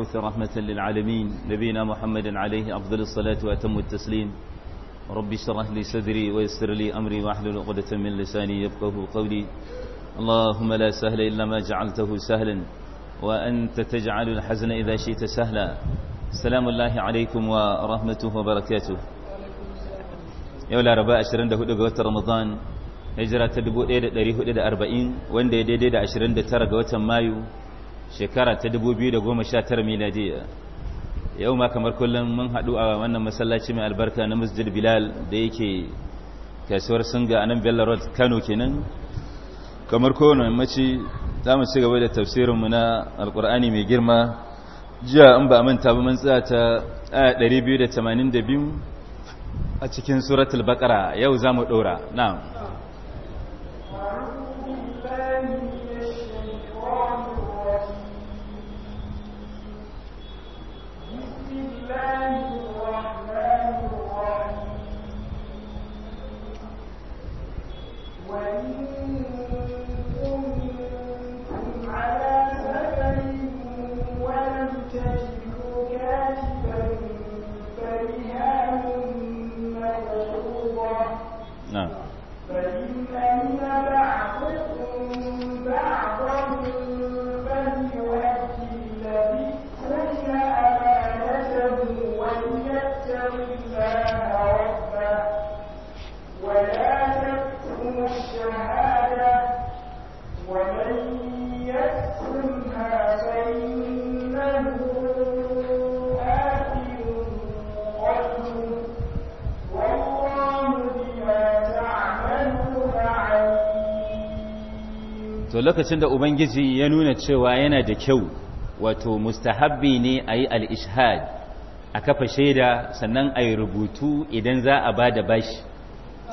المبعوث رحمة للعالمين نبينا محمد عليه أفضل الصلاة وأتم التسليم رب شرح لي صدري ويسر لي أمري واحلل عقدة من لساني يبقه قولي اللهم لا سهل إلا ما جعلته سهلا وأنت تجعل الحزن إذا شئت سهلا سلام الله عليكم ورحمته وبركاته yau laraba 24 ga watan ramadan hijira ta 1440 wanda ya ده da 29 ga watan مايو shekara ta 2019 miladiya yau ma kamar kullum mun haɗu a wannan masallaci mai albarka na masjid bilal da yake kasuwar singa a nan bella kano kenan kamar kowane mace za mu ci gaba da tafsirinmu na alkur'ani mai girma jiya in ba a manta ba mun tsaya ta aya 282 a cikin suratul bakara yau za mu ɗora na'am to lokacin da ubangiji ya nuna cewa yana da kyau wato mustahabbi ne a yi ishhad a kafa shaida sannan a yi rubutu idan za a ba da bashi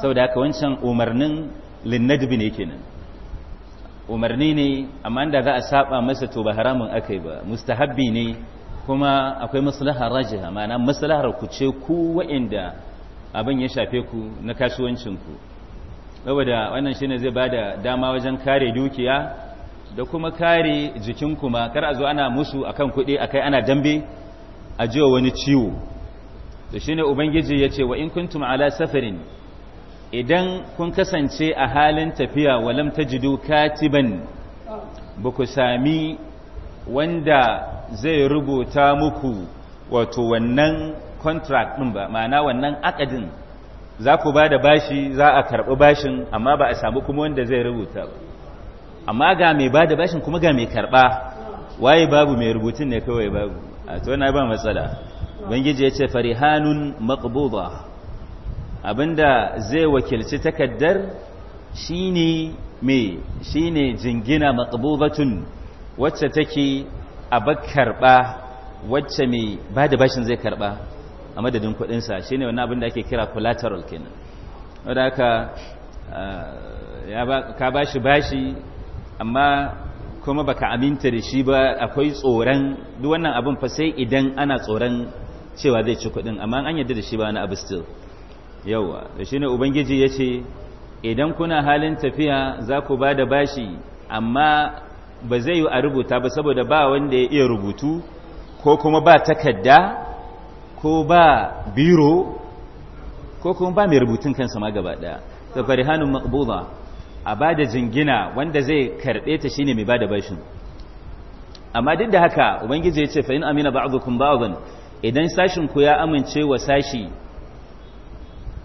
saboda haka wancan umarnin linnadbi ne kenan umarni ne amma da za a saba masa to ba haramun aka yi ba mustahabbi ne kuma akwai maslahar rajiha ma'ana maslahar ku ce ku wa'inda abin ya shafe ku na kasuwancinku saboda wannan shine zai ba da dama wajen kare dukiya da kuma kare jikin kuma kar a zo ana musu akan kuɗi akai ana dambe a jiwa wani ciwo shi shine ubangiji yace wa in kuntum ala safarin idan kun kasance a halin tafiya walam tajidu katiban ba ku sami wanda zai rubuta muku wato wannan contract ɗin ba ma'ana wannan akadin za ku ba da bashi za a karɓi bashin amma ba a samu kuma wanda zai rubuta ba amma ga mai ba da bashin kuma ga mai karɓa waye babu mai rubutun ne kawai babu a tona ba matsala bangiji ya ce farihanun maqbuda abinda zai wakilci takaddar shine me shine jingina maqbudatun wacce take a bakkarba wacce mai ba da bashin zai karɓa a madadin kuɗinsa ne wani abin da ake kira collateral kenan wadda aka ka ba shi bashi amma kuma baka aminta da shi ba akwai tsoron duk wannan abin fa sai idan ana tsoron cewa zai ci kuɗin amma an yadda da shi ba wani abu still yauwa da shi ne ubangiji ya ce idan kuna halin tafiya za ku ba da bashi amma ba zai yi a rubuta ba saboda ba wanda ya iya rubutu ko kuma ba takarda ko ba biro ko kuma ba mai rubutun kansa ma gaba daya da farihanun Makbuba a ba da jingina wanda zai karbe ta shine mai ba da bashin amma duk da haka ubangiji ya ce fa in amina ba'dukum ba'dan idan sashin ku ya amince wa sashi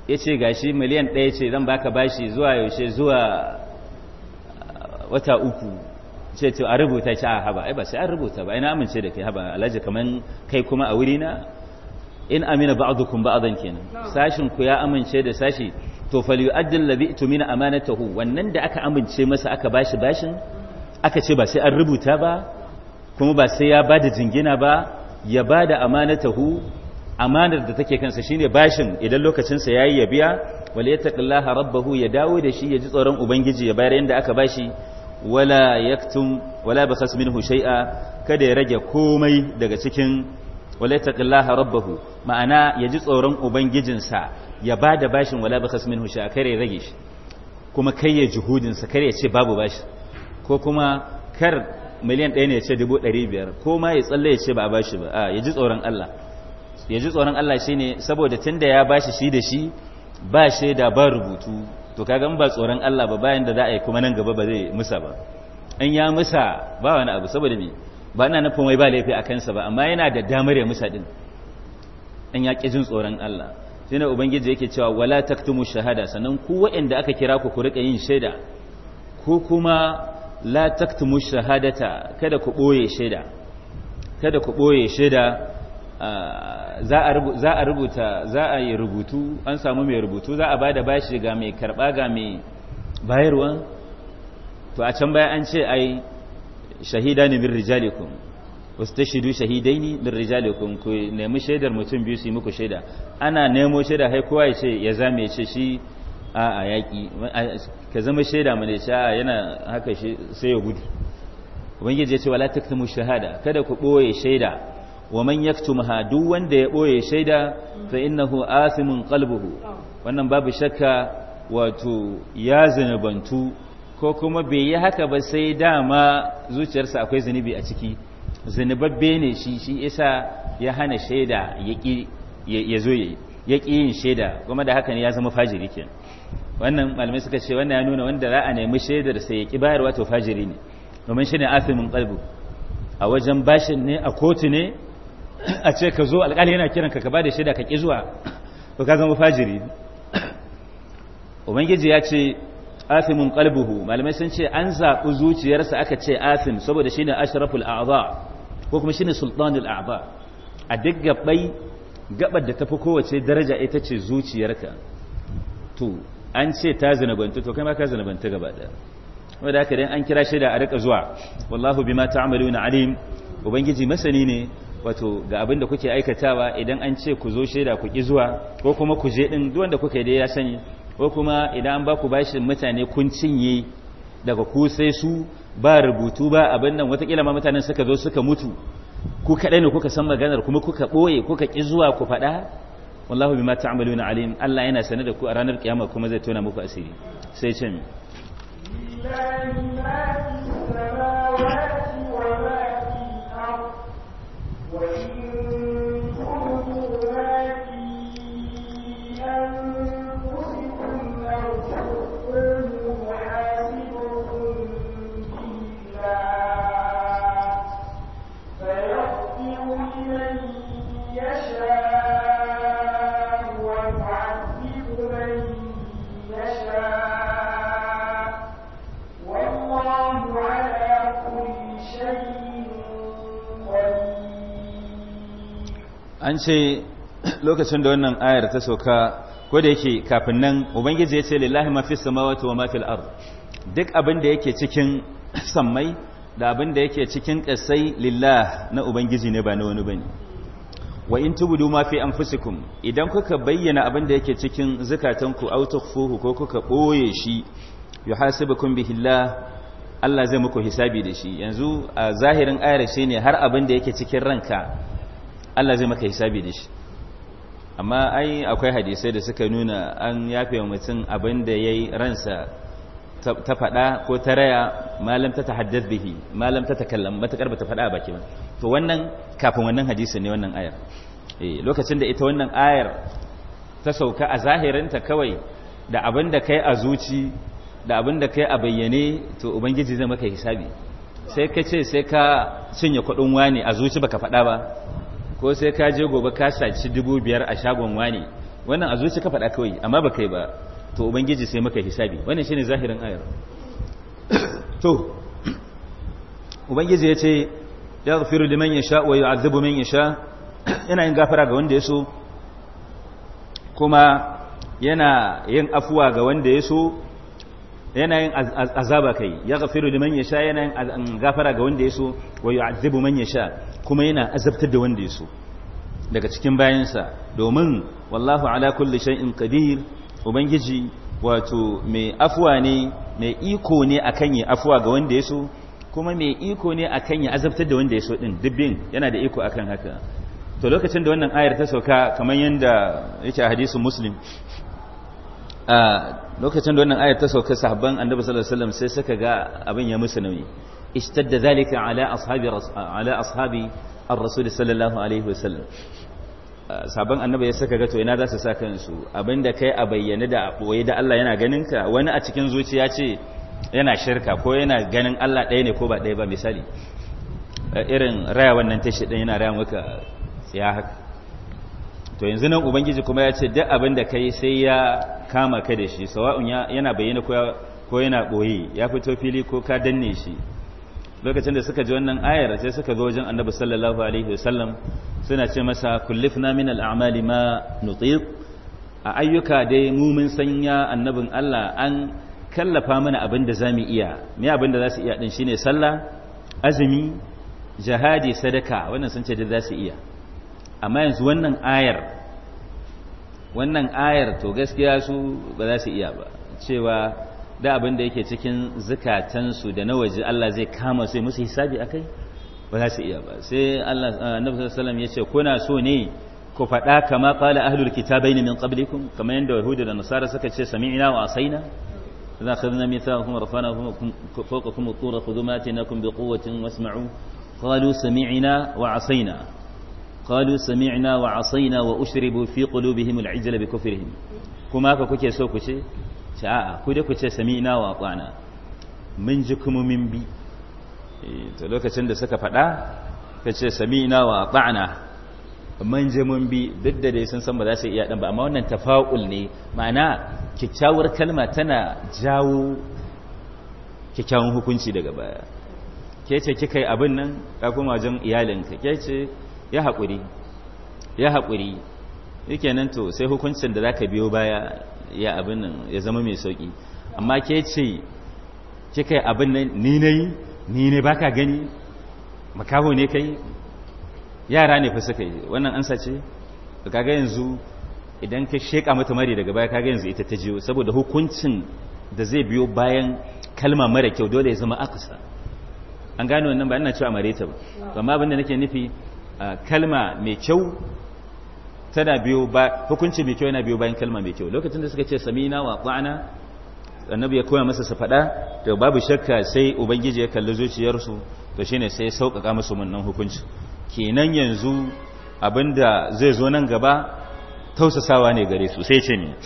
ya ce gashi miliyan ɗaya ce zan baka bashi zuwa yaushe zuwa uh, wata uku ce ce a rubuta ci a haba ai ba sai an rubuta ba ina amince da kai haba alhaji kaman kai kuma a wuri na in amina ba'dukum ba'dan kenan sashin ku ya amince da sashi to falyu'addi allazi tumina amanatahu wannan da aka amince masa aka bashi bashin aka ce ba sai an rubuta ba kuma ba sai ya bada jingina ba ya bada amanatahu amanar da take kansa shine bashin idan lokacin sa yayi ya biya wala yattaqillaha rabbahu ya dawo da shi ya ji tsoron ubangiji ya bayar yanda aka bashi wala yaktum wala bakhas minhu shay'a kada ya rage komai daga cikin wala taqillaha rabbahu ma'ana ya ji tsoron ubangijinsa ya ba da bashin wala bakas minhu sha rage shi kuma kai ya juhudinsa kare ya ce babu bashi ko kuma kar miliyan ɗaya ne ya ce dubu ɗari biyar ko ma ya tsalle ya ce ba a bashi ba a ya ji tsoron Allah ya ji tsoron Allah shine saboda tunda ya bashi shi da shi ba shi da ba rubutu to kaga in ba tsoron Allah ba bayan da za a yi kuma nan gaba ba zai musa ba in ya musa ba wani abu saboda me ba na nufin wai ba laifi a kansa ba amma yana da damar ya musa din in ya ƙi jin tsoron Allah sai na ubangiji yake cewa wala taktumu shahada sannan ku waɗanda aka kira ku ku rika yin shaida ko kuma la taktumu shahadata kada ku ɓoye shaida kada ku ɓoye shaida ah, za a rubuta za a yi rubutu an samu mai rubutu za a ba da bashi ga mai karɓa ga mai bayarwa to a can baya an ce ai shahidani min rijalikum wastashidu shahidaini min rijalikum ku nemi shaidar mutum biyu su muku shaida ana nemo shaida hai kowa ya ce ya zame ce shi a a yaki ka zama shaida mu ne sha yana haka shi sai ya gudu ubangiji ya ce wala taktumu shahada kada ku boye shaida wa man yaktumha duk wanda ya boye shaida fa innahu asimun qalbuhu wannan babu shakka wato ya zanabantu ko kuma bai yi haka ba sai dama zuciyarsa akwai zunubi a ciki zunubabbe ne shi shi isa ya hana shaida ya zo ya ƙi yin shaida kuma da haka ne ya zama fajiri ke wannan malamai suka ce wannan ya nuna wanda za a nemi shaidar sai ya ƙi bayarwa to fajiri ne domin shi ne asimin ƙalbu a wajen bashin ne a kotu ne a ce ka zo alƙali yana kiran ka ka ba da shaida ka ƙi zuwa to ka zama fajiri ubangiji ya ce asimin kalbuhu malamai sun ce an zaɓi zuciyarsa aka ce asim saboda shine ashraful a'za ko kuma shine sultanul a'za a duk gabai gabar da tafi kowace daraja ita ce zuciyarka to an ce ta zinabanta to kai ma ka zinabanta gaba da wanda haka dan an kira shaida a rika zuwa wallahu bima ta'maluna alim ubangiji masani ne wato ga abin da kuke aikatawa idan an ce ku zo shaida ku ki zuwa ko kuma ku je ɗin duk wanda kuka dai da ya sani ko kuma idan ba ku bashin mutane kun cinye daga ku sai su ba rubutu ba abin nan watakila ma mutanen suka zo suka mutu ku kaɗai ne kuka san maganar kuma kuka ɓoye kuka ƙi zuwa ku faɗa wallahu bima ta'maluna alim Allah yana sane da ku a ranar kiyama kuma zai tona muku asiri sai ce an ce lokacin da wannan ayar ta sauka ko da yake kafin nan ubangiji ya ce lillahi ma fi samawati wa ma fil ard duk abin da yake cikin sammai da abin da yake cikin kasai lillah na ubangiji ne ba na wani bane wa in tubudu ma fi anfusikum idan kuka bayyana abin da yake cikin zakatanku aw tukhfuhu ko kuka boye shi yuhasibukum bihi Allah Allah zai muku hisabi da shi yanzu a zahirin ayar shine har abin da yake cikin ranka Allah zai maka hisabi da shi amma ai akwai hadisai da suka nuna an yafe wa mutum abin da ya yi ransa ta faɗa ko ta raya malam ta tahaddad bihi malam ta takallam matakar ba ta faɗa baki ba to wannan kafin wannan hadisi ne wannan ayar eh, lokacin da ita wannan ayar ta sauka a zahirinta kawai da abin da kai a zuci da abin da kai a bayyane to ubangiji zai maka hisabi sai ka ce sai ka cinye kuɗin wani a zuci baka faɗa ba ko sai ka je gobe ka saci dubu biyar a shagon wani wannan a zuci ka faɗa kawai amma ba kai ba to ubangiji sai maka hisabi wannan shine zahirin ayar to ubangiji ya ce ya zafiru liman ya sha wa yu'adhibu man ya sha yana yin gafara ga wanda ya so kuma yana yin afuwa ga wanda ya so yana yin azaba kai ya zafiru liman ya sha yana yin gafara ga wanda ya so wa yu'adhibu man ya sha kuma yana azabtar da wanda ya so daga cikin bayansa domin wallahu ala kulli shay'in qadir ubangiji wato mai afuwa ne mai iko ne akan yi afuwa ga wanda ya so kuma mai iko ne akan ya azabtar da wanda ya so din dubbin yana da iko akan haka to lokacin da wannan ayar ta sauka kamar yadda yake a hadisin muslim a lokacin da wannan ayar ta sauka sahabban annabi sallallahu alaihi wasallam sai suka ga abin ya musu nauyi اشتد ذلك على اصحاب على اصحاب الرسول صلى الله عليه وسلم sabon annabi ya saka ga to ina za su sa kansu abinda kai a bayyane da koyi ɓoye da Allah yana ganin ka wani a cikin zuciya ce yana shirka ko yana ganin Allah ɗaya ne ko ba ɗaya ba misali irin raya wannan tashi ɗin yana raya maka ya haka to yanzu nan ubangiji kuma ya ce duk abin da kai sai ya kama ka da shi sawa'un yana bayyana ko yana ɓoye ya fito fili ko ka danne shi lokacin da suka ji wannan ayar sai suka zo wajen annabi sallallahu alaihi wasallam suna ce masa kullifna min al'amali ma nutiq a ayyuka dai mu mun sanya annabin Allah an kallafa mana abin da zamu iya me abin da zasu iya din shine sallah azumi jihadi sadaka wannan sun ce da zasu iya amma yanzu wannan ayar wannan ayar to gaskiya su ba za su iya ba cewa da abin da yake cikin zukatansu da na waje Allah zai kama su musu hisabi akai ba za su iya ba sai Allah eh, annabi sallallahu ya ce kuna so ne ku faɗa kama qala ahlul kitabain min qablikum kamar yadda da nasara suka ce sami'na wa asaina idza akhadna mithaqakum fawqakum tur khudhu ma atinakum wasma'u qalu sami'na wa asaina qalu sami'na wa asaina wa ushribu fi qulubihim al-ijla bi kufrihim kuma haka kuke so ku ce ce a ku dai ku ce ina wa kwana mun ji kuma min bi eh, to lokacin da suka faɗa ka ce ina wa kwana mun ji mun bi duk da dai sun san ba za su iya dan ba amma wannan tafa'ul ne ma'ana kyakkyawar kalma tana jawo kyakkyawan hukunci daga baya ke ce kika yi abin nan ka kuma wajen iyalinka ke ce ya haƙuri ya haƙuri yake nan to sai hukuncin da za ka biyo baya ya abin nan ya zama mai sauki amma ke ce kika abin nan ni nayi ni ne baka gani makaho ne kai yara ne fa suka yi wannan ansa ce kaga yanzu idan ka sheka mata mari daga baya kaga yanzu ita ta jiyo saboda hukuncin da zai biyo bayan kalma mara kyau dole ya zama akusa an gano wannan ba ina cewa mareta ta ba amma abin da nake nufi kalma mai kyau tana biyo ba hukunci mai kyau yana biyo bayan kalma mai kyau lokacin da suka ce samina wa ta'ana annabi ya koya masa su faɗa to babu shakka sai ubangiji ya kalli zuciyarsu to shine sai ya sauƙaƙa musu wannan hukunci kenan yanzu abinda zai zo nan gaba tausasawa ne gare su sai ce ne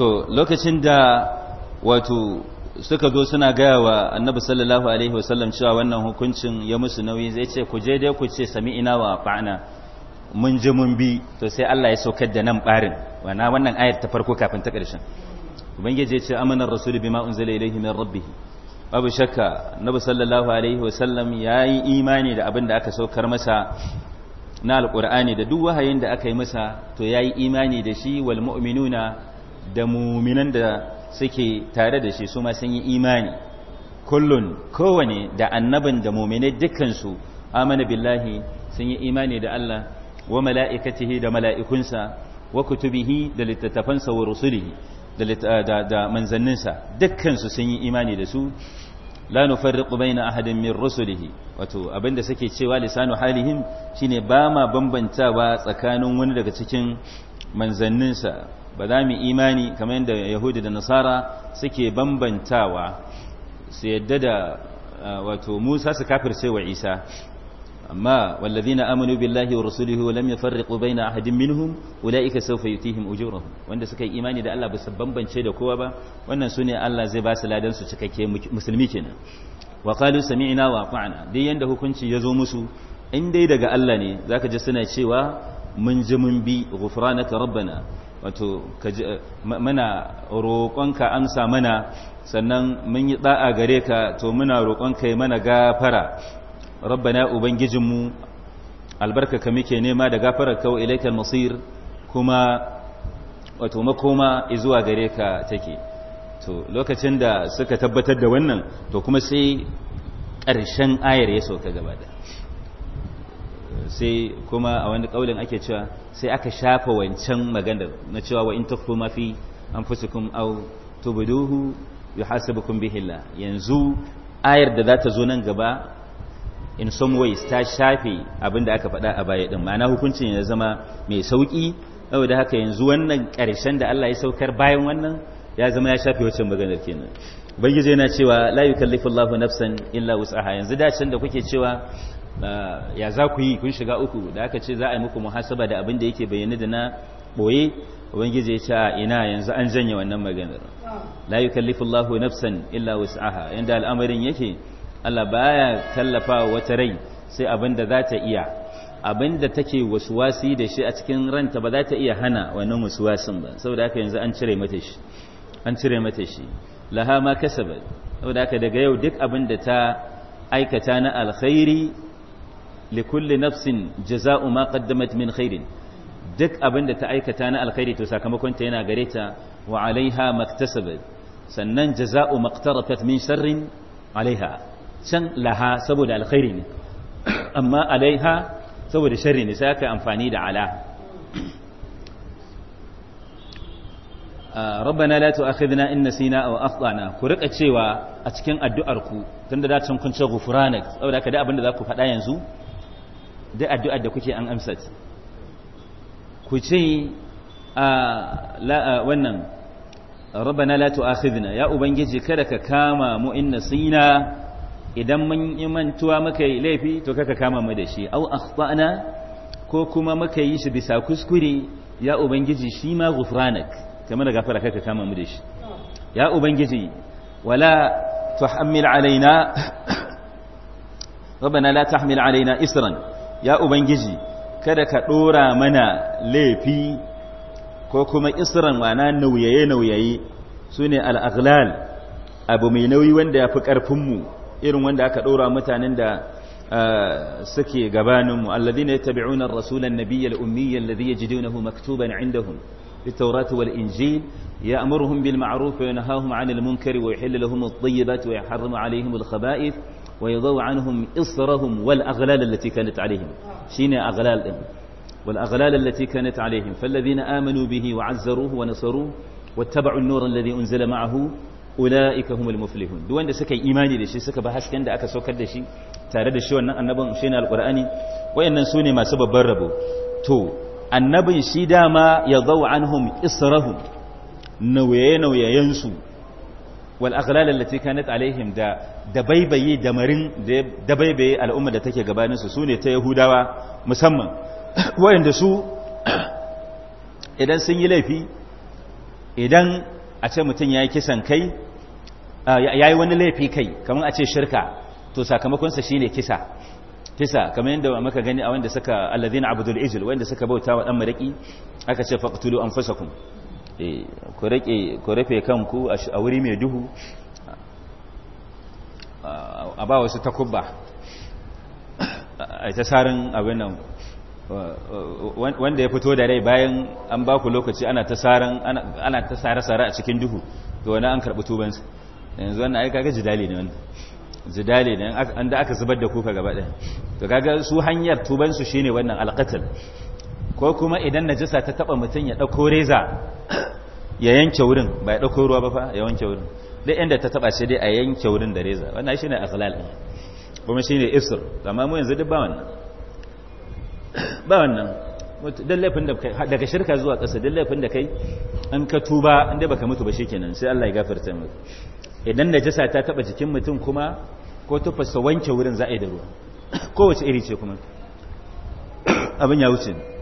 to lokacin da wato suka zo suna gaya wa annabi sallallahu alaihi wasallam cewa wannan hukuncin ya musu nauyi zai ce ku je dai ku ce sami ina wa fa'ana mun ji mun bi to sai Allah ya saukar da nan barin wana wannan ayar ta farko kafin ta karshen ubangiji ya ce amana rasul bima unzila ilayhi min rabbih babu shakka annabi sallallahu alaihi wasallam yayi imani da abin da aka saukar masa na alqur'ani da duk wahayin da aka yi masa to yayi imani da shi wal mu'minuna da muminan da suke tare da shi su ma sun yi imani kullun kowane da annabin da muminai dukansu amana billahi sun yi imani da Allah wa mala'ikatihi da mala'ikunsa wa kutubihi da littattafansa wa rusulihi da ah, manzanninsa dukkansu sun yi imani da su la nufarriqu baina ahadin min rusulihi wato abinda suke cewa lisanu halihim shine ba ma bambantawa tsakanin wani daga cikin manzanninsa ba za mu imani kamar yadda yahudi da nasara suke bambantawa su yadda da ah, wato musa su kafirce wa isa amma wallazina amanu billahi wa rasulihi wa lam yafarriqu baina ahadin minhum ulaika sawfa yutihim ujurahum wanda suka yi imani da Allah ba su bambance da kowa ba wannan sune Allah zai ba su ladan su cikakke musulmi kenan wa qalu sami'na wa ata'na dai yanda hukunci ya zo musu in dai daga Allah ne zaka ji suna cewa mun ji mun bi ghufranaka rabbana wato eh, muna roƙonka amsa mana sannan mun yi da'a gare ka to muna roƙonka yi mana gafara rabbana ubangijinmu ka muke nema da gafarar kawo ilaikal masir kuma wato makoma izuwa gare ka take to lokacin da suka tabbatar da wannan to kuma sai ƙarshen ayar ya sauka gaba da sai kuma a wani kaulin ake cewa sai aka shafa wancan maganar na cewa wa in tukfu ma fi anfusikum aw tubduhu yuhasibukum bihi la yanzu ayar da za ta zo nan gaba in some ways ta shafe abin da aka faɗa a baya din ma'ana hukuncin ya zama mai sauki saboda haka yanzu wannan ƙarshen da Allah ya saukar bayan wannan ya zama ya shafe wancan maganar kenan ubangiji yana cewa la yukallifu Allahu nafsan illa wus'aha yanzu da can da kuke cewa ya za ku yi kun shiga uku da aka ce za a yi muku muhasaba da abin da yake bayyana da na boye ubangiji ya ce ina yanzu an janye wannan maganar la yukallifu Allahu nafsan illa wus'aha inda al'amarin yake Allah baya tallafa wata rai sai abin da za ta iya abin da take wasuwasi da shi a cikin ranta ba za ta iya hana wannan wasuwasin ba saboda haka yanzu an cire mata shi an cire mata shi laha ma kasabat saboda haka daga yau duk abin da ta aikata na alkhairi likulli nafsin jaza'u ma qaddamat min khairin duk abinda ta aikata na alkhairi to sakamakon ta yana gare ta wa alaiha maktasabat sannan jaza'u maqtarafat min sharrin alaiha can laha saboda alkhairi ne amma alaiha saboda sharri ne sai aka amfani da ala ah, rabbana la tu'akhidna in nasina aw akhtana ku rika cewa a cikin addu'arku ku tunda da can kun ce ghufranak saboda kada abin da za ku faɗa yanzu Da addu'ar da kuke an amsa ce ku ce a wannan rabbana la tu'akhidna ya ubangiji kada ka kama mu in sina idan mun yi mantuwa muka yi laifi to kaka kama mu da shi au akhtana ko kuma muka yi shi bisa kuskure ya ubangiji shi ma ghufranak kamar da gafara kaka kama mu da shi ya ubangiji wala tuhammil alaina rabbana la tahmil alaina isran ya ubangiji kada ka dora mana laifi ko kuma isran wana nauyaye nauyayi sune al aghlal abu mai nauyi wanda yafi karfin mu irin wanda aka dora mutanen da suke gabanin mu gabaninmu yattabi'una ar tabi'unar an nabiyyar al da alladhi yajidunahu maktuban indahun بالتوراة والإنجيل يأمرهم بالمعروف وينهاهم عن المنكر ويحل لهم الطيبات ويحرم عليهم الخبائث wa yadhu anhum israhum wal aghlal allati kanat alaihim shine aghlal din wal aghlal allati kanat alaihim fal ladina amanu bihi wa azzaruhu wa nasaruhu wattaba'u an-nur alladhi unzila ma'ahu ulaika humul muflihun duk wanda suka yi imani da shi suka ba hasken da aka saukar da shi tare da shi wannan annabin shine alqur'ani wayannan sune masu babban rabo to annabin shi dama ya zau anhum israhum nauye wal aghlal allati kanat da dabaibaye damarin marin da dabaibaye al'umma da take gabanin su sune ta yahudawa musamman wayanda su idan sun yi laifi idan a ce mutum yayi kisan kai yayi wani laifi kai kamar a ce shirka to sakamakonsa shi ne kisa kisa kamar yadda muka gani a wanda suka alladhina abdul ijl wanda suka bauta wa dan mariki aka ce an fasa anfusakum Eh, ku rufe kanku a wuri mai duhu a ba wasu takubba a ta sarin abin nan wanda ya fito da rai bayan an ba ku lokaci ana ta sare-sare a cikin duhu to wani an karɓi tubansa yanzu wannan aika ga jidali ne wani jidali ne an da aka zubar da kuka gaba ɗaya to kaga su hanyar tubansu shine wannan alƙatal ko kuma idan najasa ta taba mutum ya dauko reza ya yanke wurin ba ya dauko ruwa ba fa ya wanke wurin duk inda ta taba shi dai a yanke wurin da reza wannan shine akhlal din kuma shine isr amma mu yanzu duk ba wannan ba wannan dan laifin da kai daga shirka zuwa ƙasa dan laifin da kai an ka tuba dai baka mutu ba shikenan sai Allah ya gafarta maka idan najasa ta taba jikin mutum kuma ko tufasa wanke wurin za a yi da ruwa kowace iri ce kuma abin ya wuce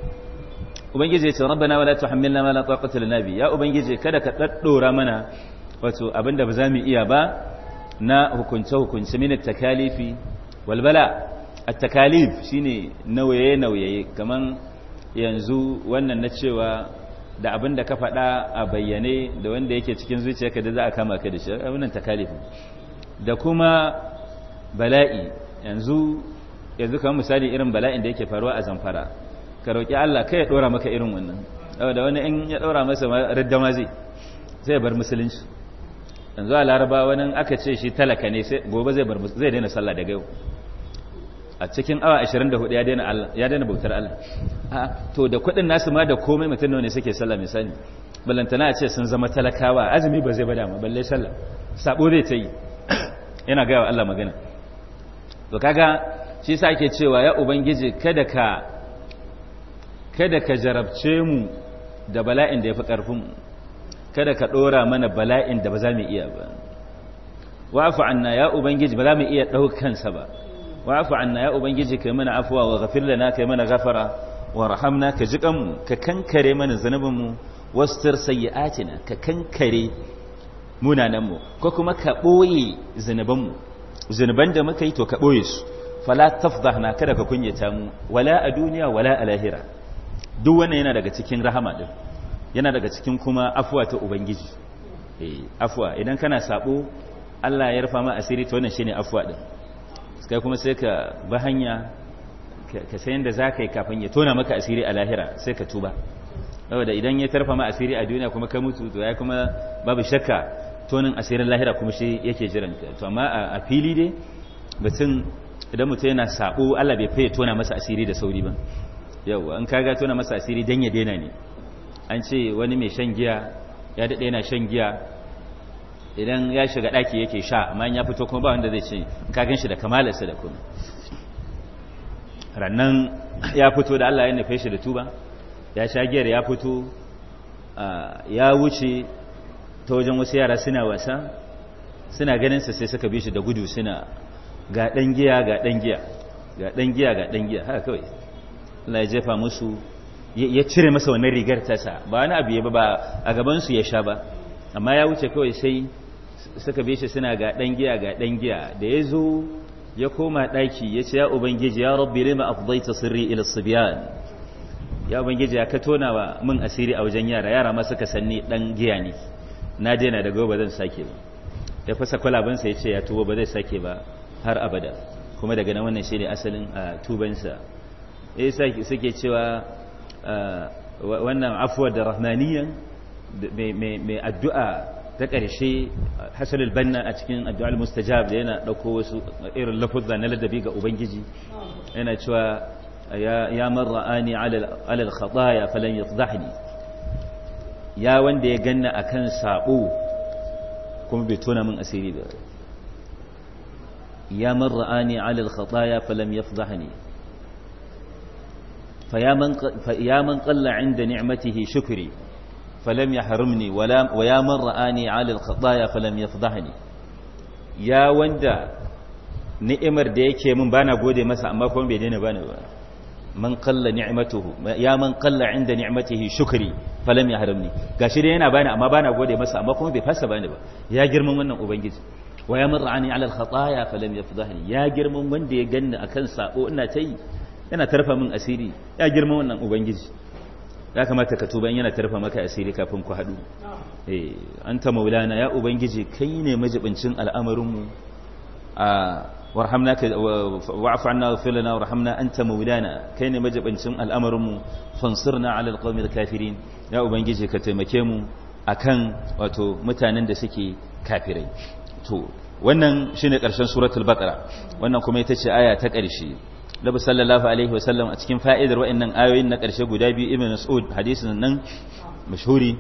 ubangiji ya ce rabbana wala tuhammilna ma la taqata lana bi ya ubangiji kada ka daddora mana wato abinda ba za mu iya ba na hukunce hukunce min takalifi wal bala at takalif shine nauye nauye kaman yanzu wannan na cewa da abinda ka faɗa a bayyane da wanda yake cikin zuciyarka da za a kama ka da shi wannan takalif da kuma bala'i yanzu yanzu kamar misali irin bala'in da yake faruwa a zamfara ka roƙi Allah kai ya ɗora maka irin wannan da wani in ya ɗora masa radda ma zai zai bar musulunci yanzu a laraba wani aka ce shi talaka ne gobe zai bar zai daina sallah daga yau a cikin awa 24 ya daina ya daina bautar Allah to da kuɗin nasu ma da komai mutum ne suke sallah misali balantana a ce sun zama talakawa azumi ba zai bada ma balle sallah sabo zai ta yi yana gaya wa Allah magana to kaga shi sa ake cewa ya ubangiji kada ka kada ka jarabce mu da bala'in da ya fi ƙarfin kada ka ɗora mana bala'in da ba za mu iya ba wa'afu anna ya ubangiji ba za mu iya ɗaukansa ba wa'afu anna ya ubangiji kai mana afuwa wa ghafir kai mana gafara rahamna ka jiƙan mu ka kankare mana zanubin mu wastar sayyi'atina ka kankare munanan mu ko kuma ka ɓoye zanuban mu zanuban da muka yi to ka boye su fala tafdahna kada ka kunyata mu wala a duniya wala a lahira duk wannan yana daga cikin rahama din yana daga cikin kuma afuwa ta ubangiji eh afuwa idan kana sabo Allah ya rufa ma asiri to wannan shine afuwa din sai kuma sai ka ba hanya ka sayan da zaka yi kafin ya tona maka asiri a lahira sai ka tuba saboda idan ya tarfa ma asiri a duniya kuma ka mutu to ya kuma babu shakka tonin asirin lahira kuma shi yake jiran ka to amma a fili dai mutum idan mutum yana sabo Allah bai faye tona masa asiri da sauri ba yau an kaga tona masa asiri dan ya daina ne an ce wani mai shan giya ya dade yana shan giya idan ya shiga daki yake sha amma ya fito kuma ba wanda zai ce ka ganshi shi da kamalarsa da kuma rannan ya fito da Allah ya nufe shi da tuba ya sha giyar ya fito ya wuce ta wajen wasu yara suna wasa suna ganin sa sai suka bi shi da gudu suna ga dan giya ga dan giya ga dan giya ga dan giya haka kawai Allah ya jefa musu ya cire masa wannan rigar tasa ba wani abu ya ba a gaban ya sha ba amma ya wuce kawai sai suka bi shi suna ga dan giya ga dan giya da ya zo ya koma ɗaki ya ce ya ubangiji ya rabbi lima afdaita sirri ila sibyan ya ubangiji ya ka tona wa mun asiri a wajen yara yara ma suka sanni dan giya ne na daina daga ba zan sake ba ya fasa kwalabansa ya ce ya tuba ba zai sake ba har abada kuma daga nan wannan shine asalin a ah, tubansa yasa eh, suke cewa eh, wannan afuwar da rahmaniya mai addu'a ta ƙarshe hasalul banna a cikin addu'al mustajab da yana ɗauko wasu irin lafuzza na ladabi ga ubangiji yana cewa ya marra ani alal khataya falan yadhahni ya wanda ya ganna akan sabo kuma bai tona min asiri ba ya marra ani alal khataya falan yadhahni فيا من قل عند نعمته شكري فلم يحرمني ولا ويا من رآني على الخطايا فلم يفضحني يا وندا ni'imar da yake min bana gode masa amma kuma bai daina bani ba man qalla ni'matuhu ya man qalla inda ni'matihi shukri falam yahrimni gashi dai yana bani amma bana gode masa amma kuma bai fasa bani ba ya girman wannan ubangiji wa ya mar'ani ala al-khataaya falam yafdahni ya girman wanda ya ganni akan sabo ina ta yi yana tarfa min asiri ya girma wannan ubangiji ya kamata ka tuba yana tarfa maka asiri kafin ku haɗu eh anta maulana ya ubangiji kai ne majibincin al'amarinmu a warhamna ka wa'fu anna lana warhamna anta maulana kai ne majibincin fansirna 'ala alqawmil kafirin ya ubangiji ka taimake mu akan wato mutanen da suke kafirai to wannan shine karshen suratul baqara wannan kuma ita ce aya ta karshe nabi sallallahu alaihi wasallam a cikin fa'idar wa'annan ayoyin na ƙarshe guda biyu ibn mas'ud hadisin nan mashhuri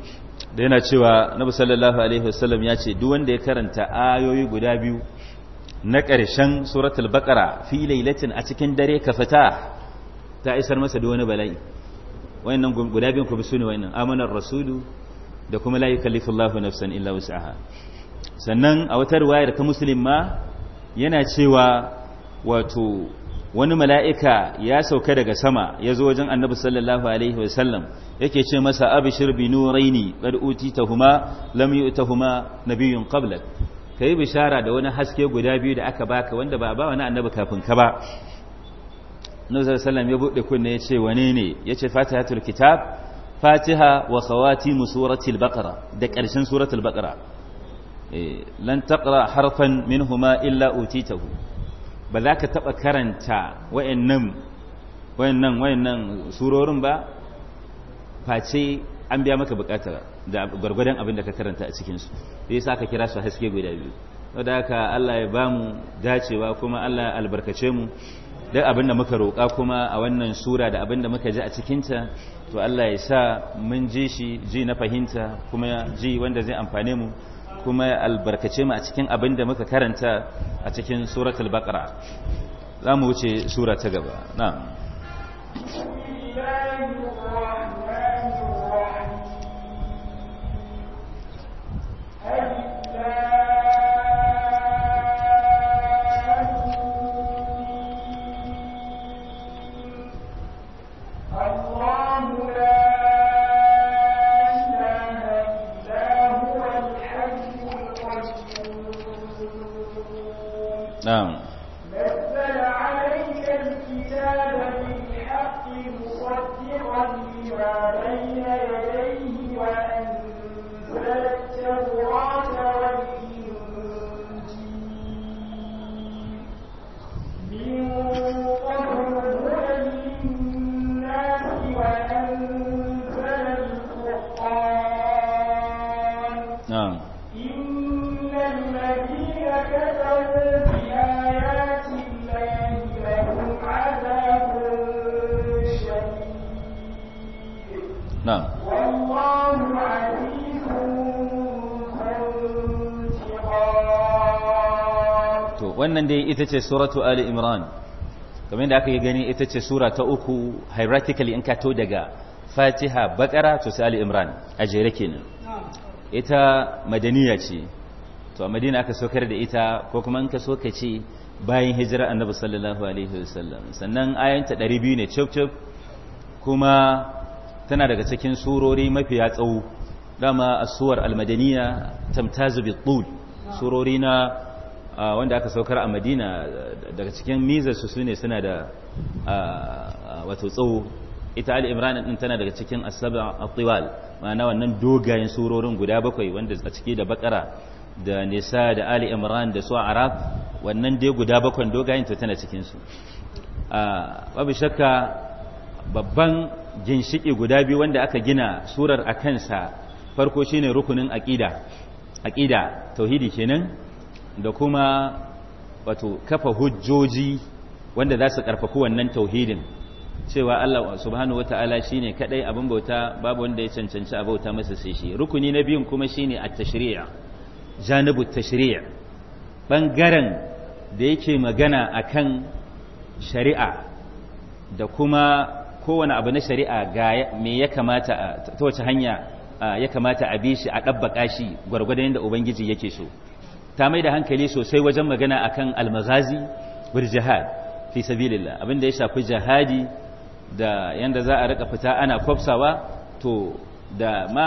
da yana cewa nabi sallallahu alaihi wasallam ya ce duk wanda ya karanta ayoyi guda biyu na ƙarshen suratul baqara fi lailatin a cikin dare ka fita ta isar masa da wani bala'i wayannan guda biyun ku bi sune wayannan amanar rasulu da kuma la yukallifullahu nafsan illa wus'aha sannan a wata riwayar ta muslim ma yana cewa wato wani mala'ika ya sauka daga sama ya zo wajen annabi sallallahu alaihi wasallam yake ce masa abishir bi nuraini qad utitahuma lam yu'tahuma nabiyyun qablak yi bishara da wani haske guda biyu da aka baka wanda ba ba wani annabi kafin ka ba Nabi sallam ya buɗe kunne ya ce wane ne yace fatihatul kitab fatiha wa khawatimu suratul baqara da ƙarshen suratul baqara eh, lan taqra harfan minhuma illa utitahu ba za ka taɓa karanta wayannan wayannan surorin ba face an biya maka bukatar da gwargwadon abin da ka karanta a cikinsu da ya sa ka kira su haske guda biyu wadda aka Allah ya ba mu dacewa kuma Allah ya albarkace mu duk abin da muka roƙa kuma a wannan sura da abin da muka ji a cikinta to Allah ya sa mun ji shi ji na fahimta kuma ji wanda zai amfane mu kuma ya albarkace mu a cikin abin da muka karanta a cikin suratul baqara za mu wuce sura ta gaba na'am ita ce suratu ali imran kamar yadda aka yi gani ita ce sura ta uku hierarchically in kato daga fatiha bakara to sai ali imran a jere kenan ita madaniya ce to a madina aka sokar da ita ko kuma in ka so ce bayan hijira annabi sallallahu alaihi wasallam sannan ayanta 200 ne cif cif kuma tana daga cikin surori mafiya tsawo dama as-suwar al-madaniyya tamtazu bi-tul surori na wanda aka saukar a madina daga cikin mizarsu su ne suna da wato tsawo ita ali imran din tana daga cikin asaba atiwal ma'ana wannan dogayen surorin guda bakwai wanda a ciki da bakara da nisa da ali imran da su arab wannan dai guda bakwai dogayen to tana cikin su babu shakka babban ginshiki guda biyu wanda aka gina surar a kansa farko shine rukunin aqida aqida tauhidi kenan da kuma wato kafa hujjoji wanda za su karfafi wannan tauhidin cewa Allah subhanahu wataala ne kaɗai abin bauta babu wanda ya cancanci a bauta masa sai shi rukuni na biyun kuma shi ne a tashiriya. janibu tashiriya ɓangaren da yake magana a kan shari'a da kuma kowane abu na shari'a ga me ya kamata ta wace hanya ya kamata a bi shi a ɗabbaƙa shi gwargwadon da ubangiji yake so ta mai da hankali sosai wajen magana akan almazazi wa jihad fi sabilillah abinda ya shafi jihadi da yanda za a rika fita ana kofsawa to da ma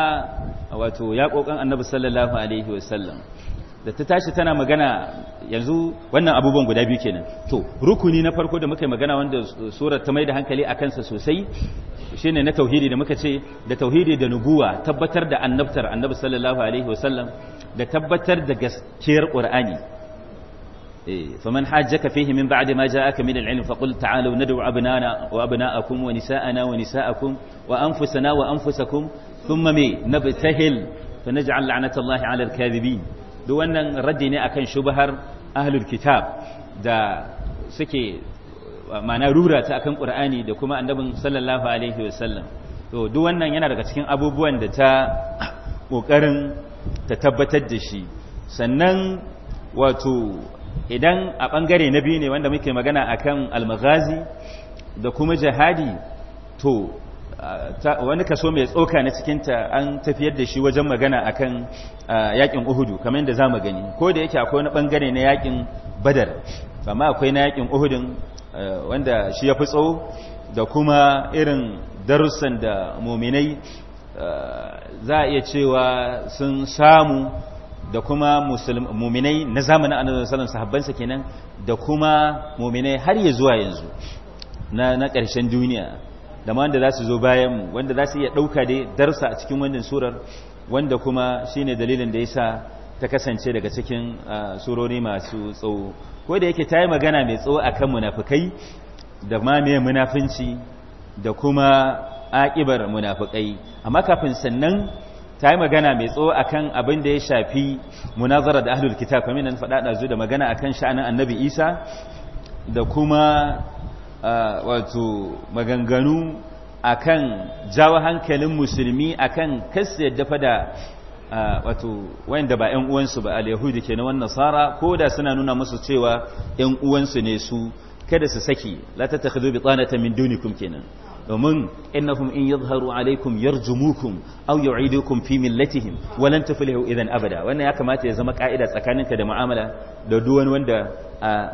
wato ya kokan annabi sallallahu alaihi wasallam da ta tashi tana magana yanzu wannan abubuwan guda biyu kenan to rukuni na farko da muka yi magana wanda surar ta mai da hankali a kansa sosai shine na tauhidi da muka ce da tauhidi da nubuwa tabbatar da annabtar annabi sallallahu alaihi wasallam da tabbatar da gaskiyar qur'ani فمن حاجك فيه من بعد ما جاءك من العلم فقل تعالوا ندعو أبنانا وأبناءكم ونساءنا ونساءكم وأنفسنا وأنفسكم ثم مي نبتهل فنجعل لعنة الله على الكاذبين دو أن ردنا أكن شبهر أهل الكتاب دا سكي معنى رورة أكن قرآني دا كما النبي صلى الله عليه وسلم دو أن ينا daga cikin abubuwan da ta kokarin ta tabbatar da shi sannan wato idan a ɓangare na biyu ne wanda muke magana akan almagazi da kuma jihadi to wani kaso mai tsoka na cikinta an tafiyar da shi wajen magana akan yakin uhudu kamar yadda za mu gani ko da yake akwai wani ɓangare na yakin badar amma akwai na yakin uhudun wanda shi ya fi tsawo da kuma irin darussan da mominai za a iya cewa sun samu da kuma muminai na zamanin annabi sallallahu sahabbansa kenan da kuma muminai har ya zuwa yanzu na ƙarshen duniya da ma wanda za su zo bayan wanda za su iya ɗauka dai darsa a cikin wannan surar wanda kuma shine dalilin da yasa ta kasance daga cikin surori masu tsawo ko da yake ta yi magana mai tsawo akan munafukai da ma mai munafinci da kuma aƙibar munafukai amma kafin sannan ta yi magana mai tsawo akan abin da ya shafi munazara da ahlul kitab kamar nan faɗa ɗazu da magana akan sha'anin annabi isa da kuma wato maganganu akan jawo hankalin musulmi akan kasa yadda fada wato wanda ba ‘yan uwansu ba al ke na wannan sara ko da suna nuna musu cewa ‘yan uwansu ne su kada su saki la ta takhadu bi tsanata min dunikum kenan domin innahum in yadhharu alaikum yarjumukum aw yu'idukum fi millatihim wa lan tuflihu idan abada wannan ya kamata ya zama ka'ida tsakaninka da mu'amala da duk wanda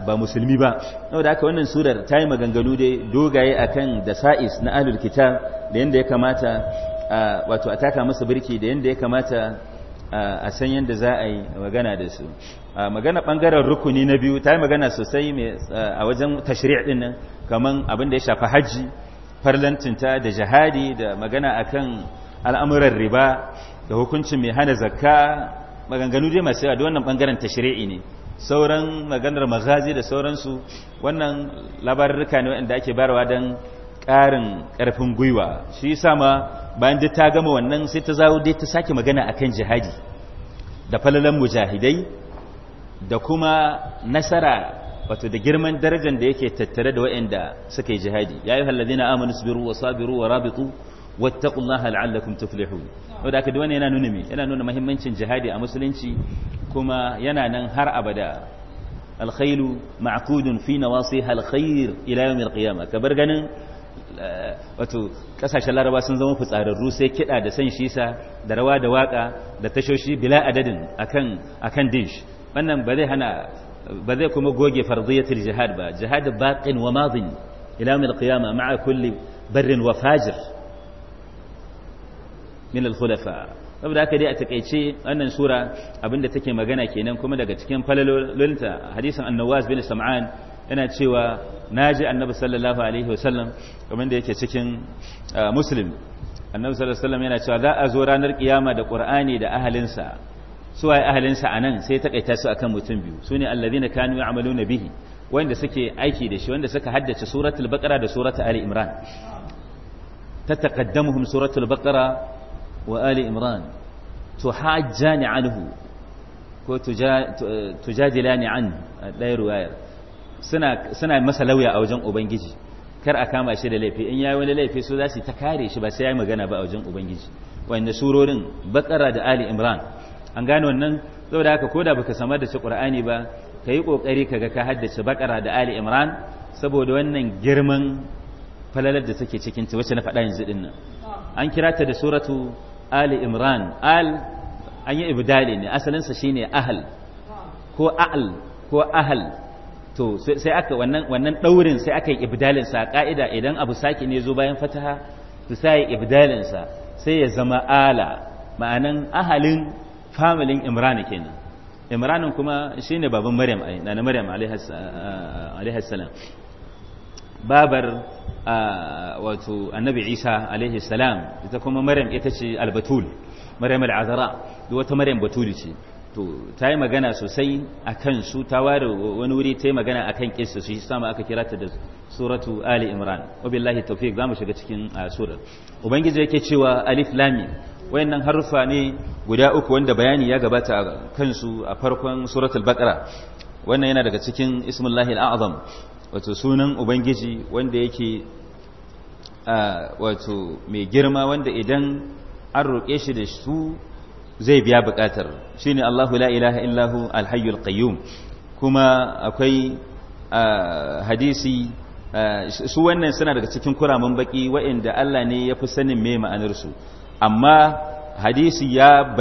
ba musulmi ba saboda haka wannan surar ta yi maganganu dai dogaye akan da sa'is na ahlul kitab da yanda ya kamata wato a taka masa birki da yanda ya kamata a san yadda za a yi magana da su magana bangaren rukuni na biyu ta yi magana sosai a wajen tashri'in nan kamar abin da ya shafa hajji farlantinta da jihadi da magana akan al'amuran riba da hukuncin mai hana zakka maganganu dai masu yawa da wannan bangaren tashri'i ne sauran maganar mazazi da sauransu wannan labarurruka ne wanda ake barawa don ƙarin ƙarfin gwiwa shi sama bayan da ta gama wannan sai ta zawo dai ta sake magana akan jihadi da falalan mujahidai da kuma nasara wato da girman darajar da yake tattare da waɗanda suka yi jihadi ya ayyuhal na amanu sabiru wa sabiru wa rabitu wattaqullaha la'allakum tuflihun aka duwane yana nuna me yana nuna muhimmancin jihadi a musulunci kuma yana nan har abada alkhailu ma'kudun fi nawasiha alkhair ila yawm alqiyama kabar ganin eh, wato ƙasashen laraba sun zama fitsararru sai kiɗa da san shisa da rawa da waka da tashoshi bila adadin akan akan dish wannan ba zai hana ba zai kuma goge farziyatul jihad ba jihad baqin wa madin ila yawm al ma'a kulli barrin wa fajir min al saboda haka dai a takeice wannan sura abinda take magana kenan kuma daga cikin falalolinta hadisin annawaz bin sam'an yana cewa naji annabi sallallahu alaihi wasallam kamar da yake cikin uh, muslim annabi sallallahu alaihi wasallam yana cewa za a zo ranar kiyama da qur'ani da ahalinsa suwa waye ahalinsa a nan sai takaita su akan mutum biyu su ne allazina kanu na bihi wanda suke aiki da shi wanda suka haddace suratul baqara da suratul ali imran تتقدمهم سورة البقرة وآل إمران تحاجان عنه تجادلان عنه لا رواية suna masa lauya a wajen ubangiji kar a kama shi da laifi in yayi wani laifi su za su ta kare shi ba sai yayi magana ba a wajen ubangiji wanda surorin bakara da ali imran an gane wannan saboda haka koda baka samar da shi qur'ani ba yi kokari kaga ka haddace bakara da ali imran saboda wannan girman falalar da take cikin ta wacce na faɗa yanzu din nan an kira ta da suratu ali imran al an yi ibdali ne asalin sa shine ahl ko a'l ko ahl to sai aka wannan wannan daurin sai aka yi ibdalin sa ka'ida idan abu saki ne zo bayan fataha to sai ibdalin sa sai ya zama ala ma'anan ahalin familin imran kenan imran kuma shine baban maryam ai na maryam alaihi salam babar wato annabi isa alaihi salam ita kuma maryam ita ce albatul maryam al'azara da wata maryam batuli ce to ta magana sosai a kan su ta ware wani wuri ta yi magana a kan su shi sama aka kira ta da suratu ali imran wabillahi tawfiq za mu shiga cikin surar ubangiji yake cewa alif lami nan harfa ne guda uku wanda bayani ya gabata a kansu a farkon suratul baqara wannan yana daga cikin ismullahi al'azam wato sunan ubangiji wanda yake wato mai girma wanda idan an roƙe shi da su zai biya buƙatar shine Allahu la ilaha illahu alhayyul qayyum kuma akwai hadisi su wannan suna daga cikin kuramin baki wa'inda Allah ne ya fi sanin mai ma'anarsu amma hadisi ya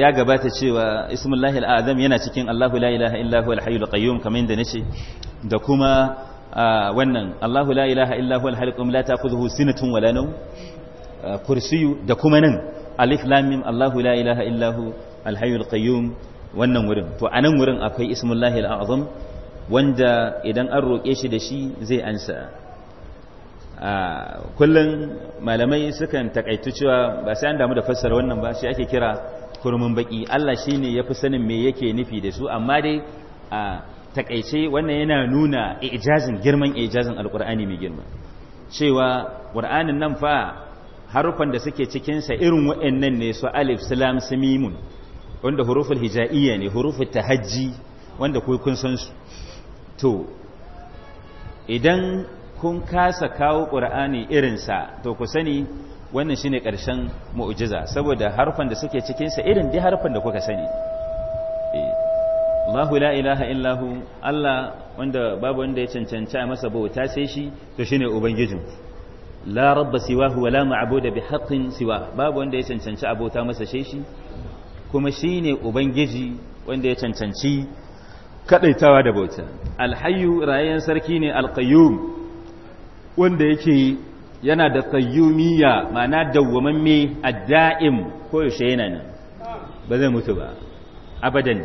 ya gabata cewa ismullahi al'azam yana cikin Allahu la ilaha illahu al-hayyul kamar yadda nace da kuma wannan Allahu la ilaha illahu al-hayyul qayyum la ta'khudhuhu sinatun wala nawm kursiyu da kuma nan alif lam mim Allahu la ilaha illahu al-hayyul wannan wurin to anan wurin akwai ismullahi al'azam wanda idan an roke shi da shi zai ansa kullum malamai sukan takaitu cewa ba sai an damu da fassara wannan ba shi ake kira kurmin baki Allah shi ne ya fi sanin me yake nufi da su amma dai a takaice wannan yana nuna ijazin girman ijazin alkur'ani mai girma cewa qur'anin nan fa harufan da suke cikinsa sa irin waɗannan ne su alif salam simimun wanda huruful hijaiyya ne huruful hajji wanda kun san to idan kun kasa kawo ƙura'ani irinsa to ku sani wannan shine ƙarshen mu'ujiza saboda harfan da suke cikinsa irin dai harfan da kuka sani eh, Allahu la ilaha illahu Allah wanda babu wanda ya cancanta masa bauta sai shi to shi ne ubangijin la rabba siwahu huwa la da bi haqqin siwa babu wanda ya cancanci abota masa sai shi kuma shi ne ubangiji wanda ya cancanci kadaitawa da bauta Alhayu rayan sarki ne al-Qayyum. wanda yake yana da kayyumiya ma'ana dawwamamme a daim ko yaushe yana nan ba zai mutu ba abadan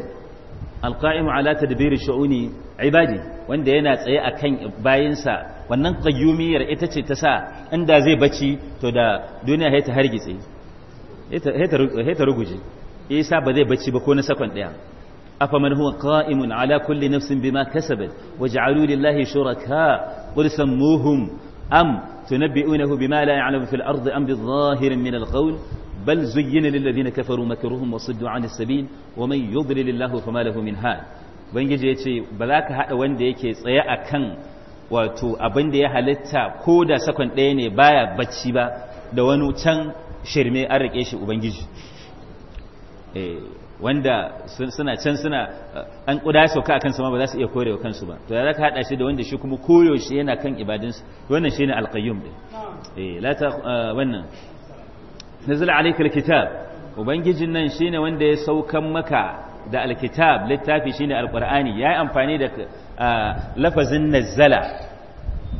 alqa'im ala tadbir shu'uni ibadi wanda yana tsaye akan bayinsa wannan kayyumiyar ita ce ta sa inda zai bacci to da duniya ta hargitse sai ta ruguje isa ba zai bacci ba ko na sakon daya أفمن هو قائم على كل نفس بما كسبت وجعلوا لله شركاء قل سموهم أم تنبئونه بما لا يعلم في الأرض أم بظاهر من القول بل زين للذين كفروا مكرهم وصدوا عن السبيل ومن يضلل الله فما له من هاد ubangiji ya ce ba za ka haɗa wanda yake tsaye a kan wato abin da ya halitta ko da sakon ɗaya ne baya bacci ba da wani can shirme an riƙe shi ubangiji wanda suna can suna eh, an kuda sauka akan ma ba za su iya korewa kansu ba to ya ka hada shi da wanda shi kuma koyo shi yana kan ibadinsu wannan shine alqayyum din eh la ta eh, wannan nazal alayka alkitab ubangijin nan shi ne wanda ya saukan maka da alkitab littafi shi ne shine ya yi amfani da eh, lafazin nazala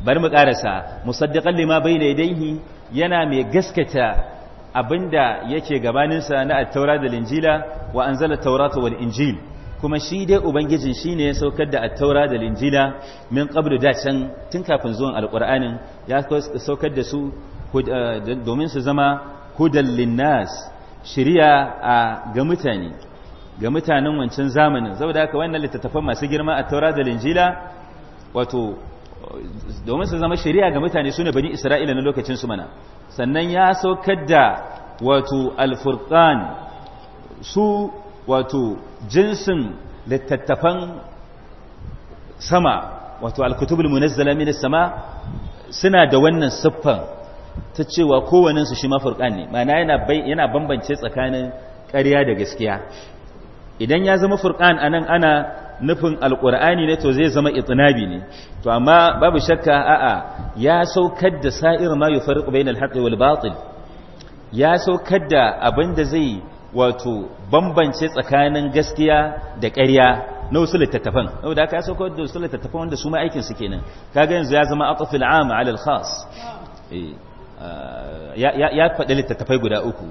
bari mu karasa musaddiqan lima bayna yadayhi yana mai gaskata abinda yake gabaninsa na attaura da linjila wa anzala taurata wal injil kuma shi dai ubangijin shine ya saukar da attaura da linjila min qablu da can tun kafin zuwan alqur'anin ya saukar da su eh, domin su zama hudan linnas shiriya a ga mutane ga mutanen wancan zamanin saboda haka wannan littattafan masu girma attaura da linjila wato domin su zama shari'a ga mutane ne bani isra'ila na lokacin mana sannan ya saukar da wato alfurkan su wato jinsin littattafan sama wato alkutubul munazzala min sama suna da wannan siffan ta cewa kowaninsu shi mafurkan ne mana yana yana bambance tsakanin ƙarya da gaskiya idan ya zama furkan anan ana nufin alkur'ani ne to zai zama itinabi ne to amma babu shakka a'a ya saukar da sa'ir ma yufarriqu bainal haqqi wal batil ya saukar da abinda zai wato bambance tsakanin gaskiya da ƙarya na wasu littattafan saboda haka saukar da wasu littattafan wanda su ma aikin su kenan kaga yanzu ya zama aqfil am ala al khas eh, ya faɗi littattafai guda uku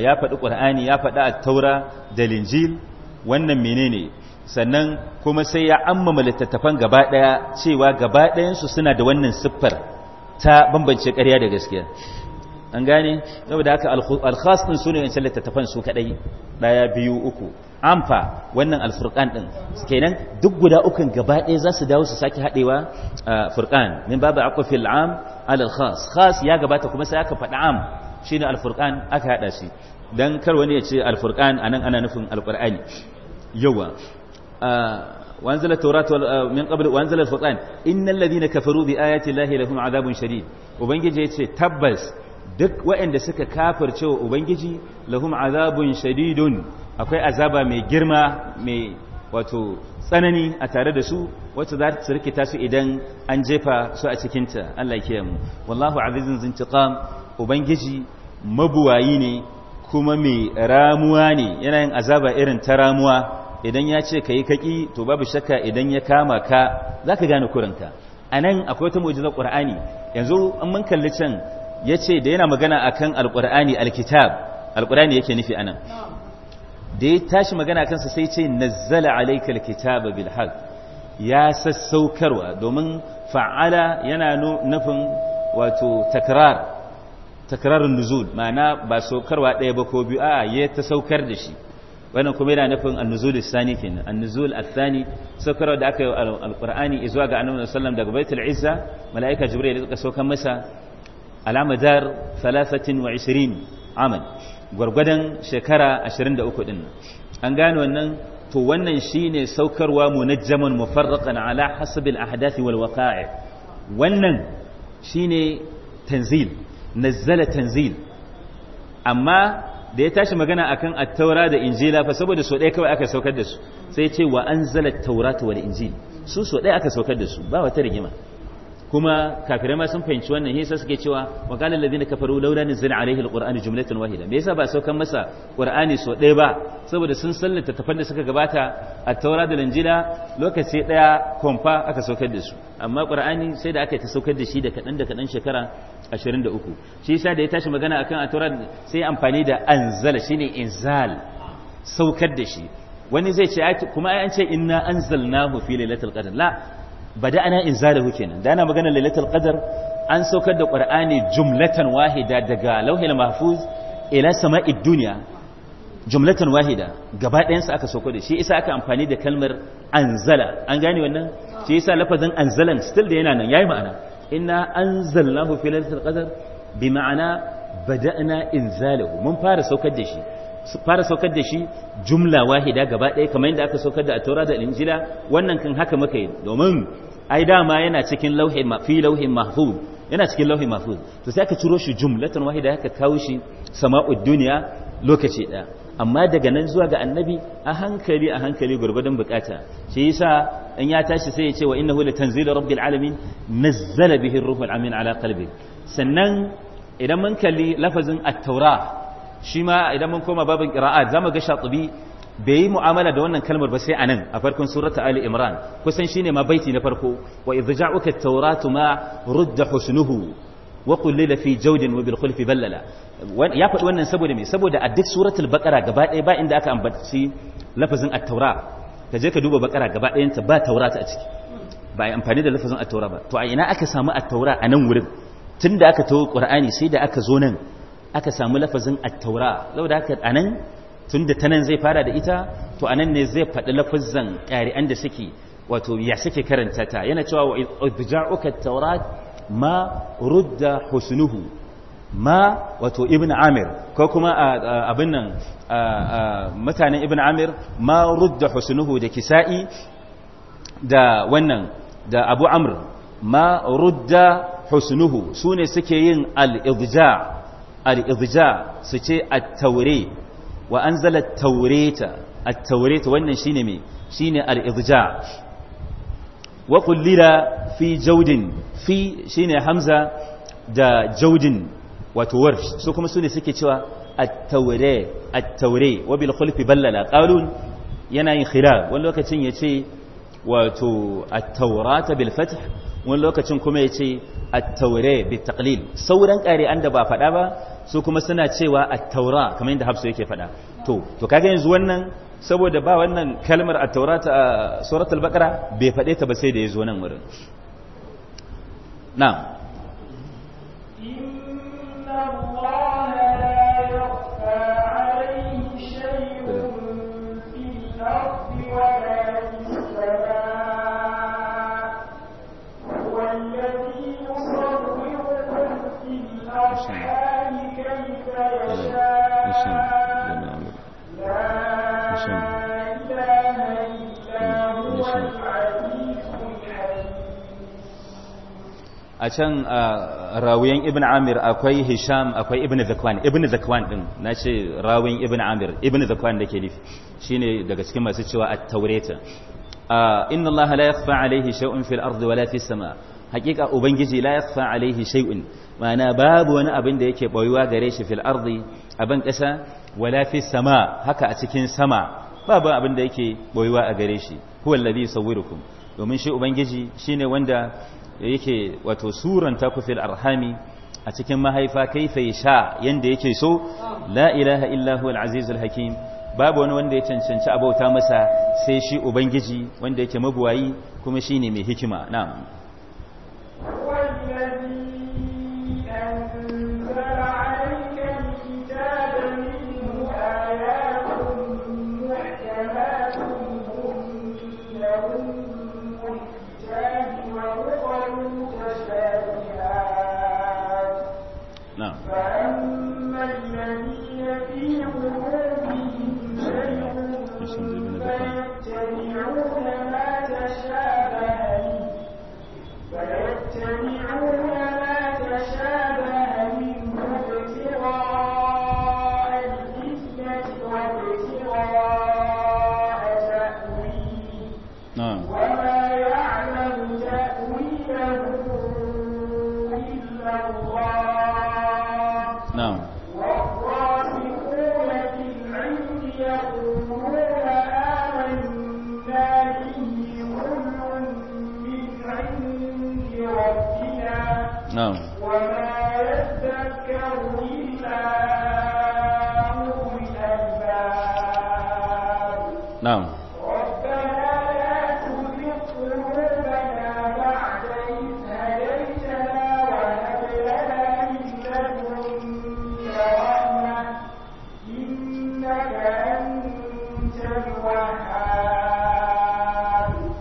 ya faɗi ƙur'ani ya faɗi a taura da linjil wannan menene sannan kuma sai ya amma littattafan gaba ɗaya cewa gaba ɗayansu suna da wannan siffar ta bambance ƙarya da gaskiya an gane saboda haka alkhas din ne yancin littattafan su kaɗai ɗaya biyu uku amfa wannan alfurkan din kenan duk guda ukun gaba ɗaya za su dawo su sake a furkan. min babu aqfi al'am ala khas ya gabata kuma sai aka faɗa am shine alfurkan aka haɗa shi dan kar wani ya ce alfurkan anan ana nufin alqur'ani yawa وأنزل التوراة من قبل وأنزل الفرقان إن الذين كفروا بآيات الله لهم عذاب شديد وبنجي يتشي تبس duk waɗanda suka kafirce wa ubangiji lahum azabun shadidun akwai azaba mai girma mai wato tsanani a tare da su wacce za ta rikita su idan an jefa su a cikinta Allah ke mu wallahu azizun zintiqam ubangiji mabuwayi ne kuma mai ramuwa ne yana yin azaba irin ta ramuwa idan ya ce ka yi kaƙi to babu shakka idan ya kama ka za ka gane kurinka a nan akwai wata mu'jizar ƙur'ani yanzu an mun kalli can ya ce da yana magana a kan alƙur'ani alkitab alƙur'ani yake nufi a nan da ya tashi magana kansa sai ce nazzala alaika alkitab bil ya sassaukarwa domin fa'ala yana nufin wato takrar takrarin nuzul ma'ana ba saukarwa ɗaya ba ko biyu a ya ta saukar da shi wannan kuma yana nufin annuzul sani kenan annuzul athani saukar da aka yi alqur'ani zuwa ga annabi sallallahu daga baitul izza malaika jibril ya saukar masa alamadar 23 amal gwargwadon shekara 23 din an gane wannan to wannan shine saukarwa munajjaman mufarraqan ala hasab al ahdath wal waqa'i wannan shine tanzil nazzala tanzil amma da ya tashi magana akan attaura da injila fa saboda so ɗaya kawai aka saukar da su sai ce wa anzala taurata wal injil su so ɗaya aka saukar da su ba wata rigima kuma kafirai ma sun fahimci wannan yasa suke cewa wa qala alladhina kafaru laula zina alaihi alqur'anu jumlatan wahida me yasa ba saukan masa qur'ani so ɗaya ba saboda sun sallata tafan da suka gabata a taura da injila lokaci ɗaya komfa aka saukar da su amma qur'ani sai da aka ta saukar da shi da kaɗan da kaɗan shekara 23 shi sa da ya tashi magana akan at sai amfani da anzala shine inzal saukar da shi wani zai ce kuma ai an ce inna anzalnahu fi lailatul qadr la bada'ana inzalahu kenan da ana magana lailatul qadr an saukar da qur'ani jumlatan wahida daga lauhil mahfuz ila sama'id dunya jumlatan wahida gaba ɗayansa aka sauko da shi isa aka amfani da kalmar anzala an gane wannan shi isa lafazin anzalan still da yana nan yayi ma'ana inna an fi lailatul qadr bi ma'ana bada'na inzalahu mun fara saukar da shi fara saukar da shi jumla wahida gaba ɗaya kamar yadda aka saukar da a taura da injila wannan kan haka muka yi domin ai dama yana cikin lauhin fi lauhin mahfuz yana cikin lauhin mahfuz to sai aka ciro shi jumlatan wahida aka kawo shi sama'ud duniya lokaci ɗaya amma daga nan zuwa ga annabi a hankali a hankali gurgudun bukata shi yasa in ya tashi sai ya ce wa innahu latanzilu rabbil alamin nazzala bihi ruhul amin ala qalbi sannan idan mun kalli lafazin at-taura shi ma idan mun koma babin qira'at zamu ga shatibi bai yi mu'amala da wannan kalmar ba sai anan a farkon surata Ali Imran kusan shine ma baiti na farko wa idh ja'uka at-tauratu ma rudda husnuhu wa qullila fi jawdin wa bil khulfi ballala ya faɗi wannan saboda me saboda a duk suratul baqara gaba ɗaya ba inda aka ambaci lafazin at-taura ka je ka duba baqara gaba ɗayan ta ba taura ta a ciki ba ai amfani da lafazin at-taura ba to a ina aka samu at-taura a nan wurin tunda aka tawo qur'ani sai da aka zo nan aka samu lafazin at-taura saboda haka nan. tunda ta nan zai fara da ita to a nan ne zai faɗi lafazan ƙari'an da suke wato ya suke karanta ta yana cewa wa idja'uka at-taurat ma rudda husnuhu ma wato ibn amir ko kuma abin nan mutanen ibn amir ma rudda husnuhu da kisa'i da wannan da abu amr ma rudda husnuhu su ne suke yin al'irja al'irja su ce taure wa an zala taureta attaureta wannan shi ne mai shi ne al'irja wa kullila fi jaudin fi shi ne hamza da jaudin wato warsh su kuma su ne suke cewa at-taure at-taure wa bil khulfi ballala qalun yana yin khilaf wani lokacin ya ce wato at-taurata bil fath wani lokacin kuma ya ce at-taure bi taqlil sauran kare an da ba faɗa ba su kuma suna cewa at-taura kamar yadda Hafsu yake faɗa to to kaga yanzu wannan saboda ba wannan kalmar at-taurata a suratul baqara bai faɗe ta ba sai da yazo nan wurin na'am a can uh, rawiyan ibn amir akwai hisham akwai ibn zakwan ibn zakwan din na ce rawiyan ibn amir ibn zakwan da ke nufi shine daga cikin masu cewa a taureta uh, inna allaha la yakhfa alaihi shay'un fil ardi wala fis sama hakika ubangiji la yakhfa alaihi shay'un ma'ana babu wani abin da yake boyuwa gare shi fil ardi aban kasa wala fis sama haka a cikin sama babu abin da yake boyuwa a gare shi huwa alladhi yusawwirukum domin shi ubangiji shine wanda yake wato suranta ta fil arhami a cikin mahaifa kaifa sha yanda yake so la ilaha illa huwal azizul hakim babu wani wanda ya cancanci abauta masa sai shi ubangiji wanda yake mabuwayi kuma shine mai hikima na'am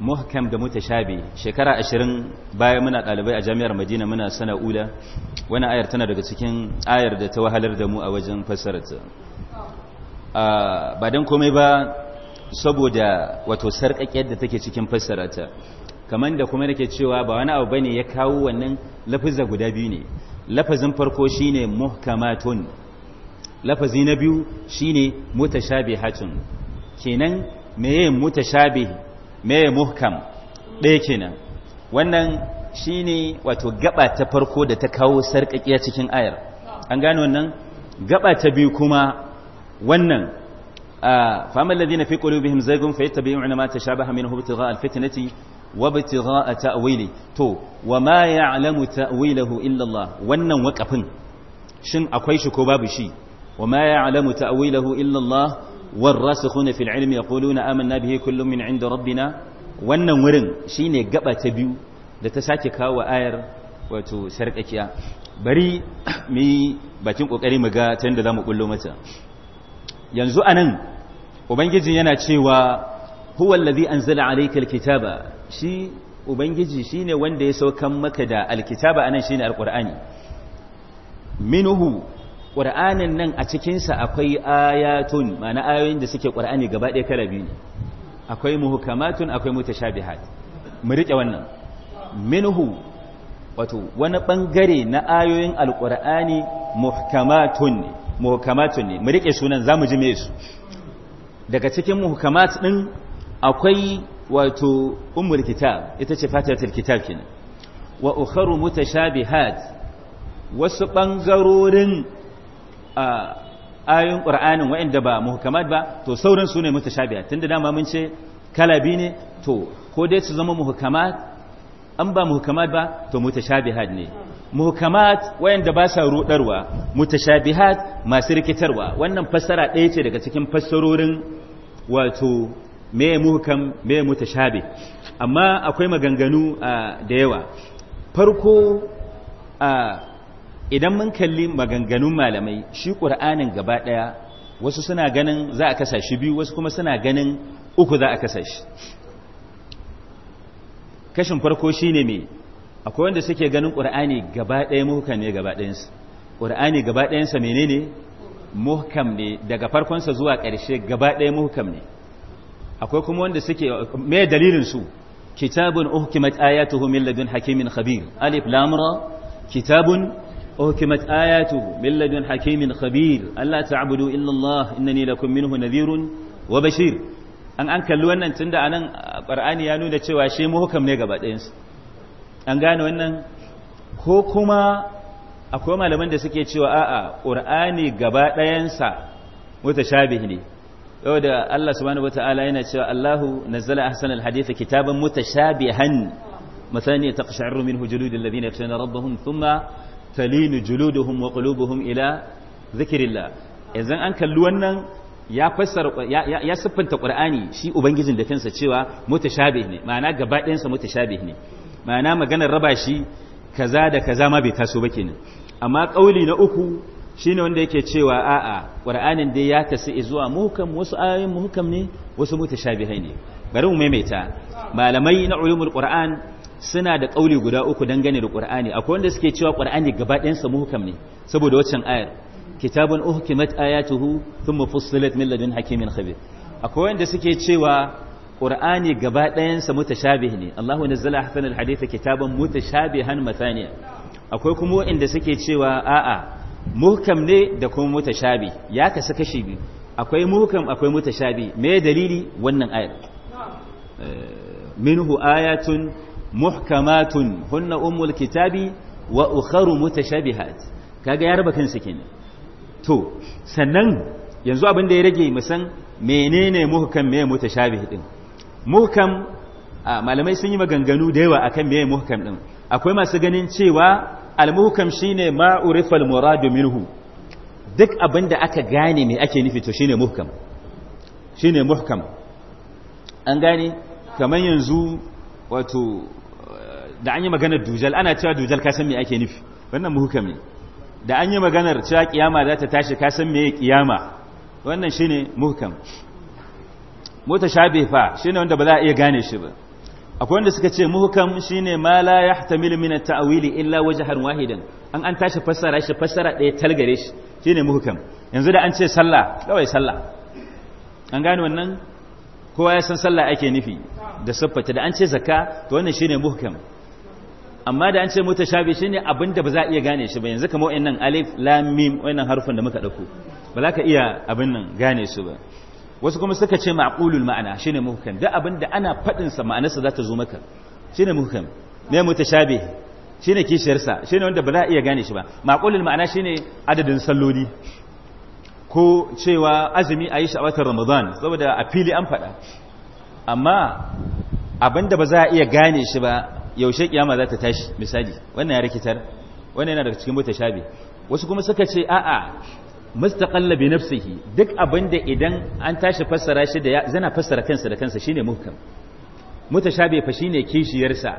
muhkam da mutashabi shekara ashirin bayan muna dalibai a jami'ar madina muna sana'ula wani ayar tana daga cikin ayar da ta wahalar da mu a wajen a ba dan komai ba saboda wato sarkakiyar da take cikin ta kamar da kuma nake cewa ba wani abu bane ya kawo wannan lafazin guda biyu ne lafazin farko shine muhkamatun lafazi na biyu shine mutashabihatun kenan meye mutashabih me muhkam ɗaya kenan wannan shine wato gaba ta farko da ta kawo sarƙaƙiya cikin ayar an gano wannan gaba ta biyu kuma wannan فأما الذين في قلوبهم زيغ فيتبعون ما تشابه منه ابتغاء الفتنة وابتغاء تأويله تو وما يعلم تأويله إلا illallah wannan waƙafin shin akwai shi ko babu shi وما يعلم تأويله إلا illallah. والراسخون في العلم يقولون آمنا به كل من عند ربنا wannan wurin shine gaba ta biyu da ta sake kawo ayar wato sarkakiya bari mu bakin kokari mu ga yadda za zamu kullo mata yanzu anan ubangiji yana cewa huwa allazi anzala alayka alkitaba shi ubangiji shine wanda ya saukan maka da alkitaba anan shine Alƙur'ani. Minuhu. ƙur'anin nan a cikinsa akwai ayatun ma'ana ayoyin da suke ƙur'ani gaba ɗaya kala biyu ne akwai muhukamatun akwai mutashabihat mu riƙe wannan minhu wato wani ɓangare na ayoyin alƙur'ani muhkamatun ne muhukamatun ne mu riƙe sunan za mu ji me su daga cikin muhukamat ɗin akwai wato ummul kitab ita ce fatatul kitab kenan wa ukharu mutashabihat wasu ɓangarorin ayoyin qur'anin waɗanda ba muhkamat ba to sauran su ne mutashabiha tunda dama mun ce kalabi ne to ko dai su zama muhkamat an ba muhkamat ba to mutashabihat ne muhkamat wayanda ba sa rudarwa mutashabihat masu rikitarwa wannan fassara ɗaya ce daga cikin fassarorin wato me muhkam me mutashabi amma akwai maganganu da yawa farko a idan mun kalli maganganun malamai shi ƙur'anin gaba ɗaya wasu suna ganin za a kasa shi biyu wasu kuma suna ganin uku za a kasa shi kashin farko shi ne mai akwai wanda suke ganin ƙur'ani gaba ɗaya muhkam ne gaba ɗayansa ƙur'ani gaba ɗayansa menene muhkam ne daga farkonsa zuwa ƙarshe gaba ɗaya muhkam ne akwai kuma wanda suke me dalilin su kitabun uhkimat ayatuhu min ladun hakimin khabir alif lam ra kitabun أهكمت آياته من لدن حكيم خبير ألا تعبدوا إلا الله إنني لكم منه نذير وبشير an an kalli wannan tunda anan nan ƙar'ani ya nuna cewa shi muhukam ne gaba ɗayansu an gane wannan ko kuma akwai malaman da suke cewa a'a ƙur'ani gaba ɗayansa wata shabih ne yau da Allah subhanahu wata'ala yana cewa Allahu nazzala ahsan al-hadith kitaban mutashabihan masani taqsha'ru minhu juludul ladina yakhshawna rabbahum thumma talinu juluduhum wa qulubuhum ila zikrillah yanzu an kalli wannan ya fassara ya siffanta qur'ani shi ubangijin da kansa cewa mutashabih ne ma'ana gaba ɗayansa mutashabih ne ma'ana maganar raba shi kaza da kaza ma bai taso ba kenan amma kauli na uku shine wanda yake cewa a'a qur'anin dai ya tasi zuwa muhkam wasu ayoyin muhkam ne wasu mutashabihai ne bari mu maimaita malamai na ulumul qur'an suna da ƙauli guda uku dangane da qur'ani akwai wanda suke cewa qur'ani gaba ɗayan sa ne saboda waccan ayar kitabun uhkimat ayatuhu thumma fussilat min ladun hakimin khabir akwai wanda suke cewa qur'ani gaba ɗayan mutashabih ne Allahu nazzala ahsanal haditha kitaban mutashabihan mathaniya akwai kuma wanda suke cewa a'a muhkam ne da kuma mutashabi ya kasu kashi biyu akwai muhkam akwai mutashabi me dalili wannan ayar eh, minhu ayatun muhkamatun hunna umul kitabi wa ukharu mutashabihat kaga ya raba kansa kenan to sannan yanzu abin da ya rage mu san menene muhkam me mutashabih din muhkam malamai sun yi maganganu da yawa akan me muhkam din akwai masu ganin cewa al-muhkam shine ma urifa al minhu duk abin da aka gane me ake nufi to shine muhkam shine muhkam an gane kamar yanzu wato da an yi maganar dujal ana cewa dujal ka san me ake nufi wannan muhukami ne da an yi maganar cewa kiyama za ta tashi ka san me kiyama wannan shine muhukam shabe fa shine wanda ba za a iya gane shi ba akwai wanda suka ce muhukam shine ma la yahtamilu min at-ta'wili illa wajhan wahidan an an tashi fassara shi fassara ɗaya talgare shi shine muhukam yanzu da an ce sallah kawai sallah an gane wannan kowa ya san sallah ake nufi da siffata da an ce zakka to wannan shine muhkam amma da an ce mutashabi shine abin da ba za a iya gane shi ba yanzu kamar wayannan alif lam mim wayannan harfin da muka dauko ba za ka iya abin nan gane su ba wasu kuma suka ce ma'qulul ma'ana shine muhkam da abin da ana fadin sa ma'anarsa za ta zo maka shine muhkam ne mutashabi shine kishiyar sa shine wanda ba za a iya gane shi ba ma'qulul ma'ana shine adadin salloli ko cewa azumi a yi shi a watan ramadan saboda a fili an faɗa amma abin da ba za a iya gane shi ba yaushe kiyama za ta tashi misali wannan ya rikitar wannan yana daga cikin mutashabi wasu kuma suka ce a'a mustaqalla bi nafsihi duk abinda idan an tashi fassara shi da zana fassara kansa da kansa shine muhkam mutashabi fa shine kishiyarsa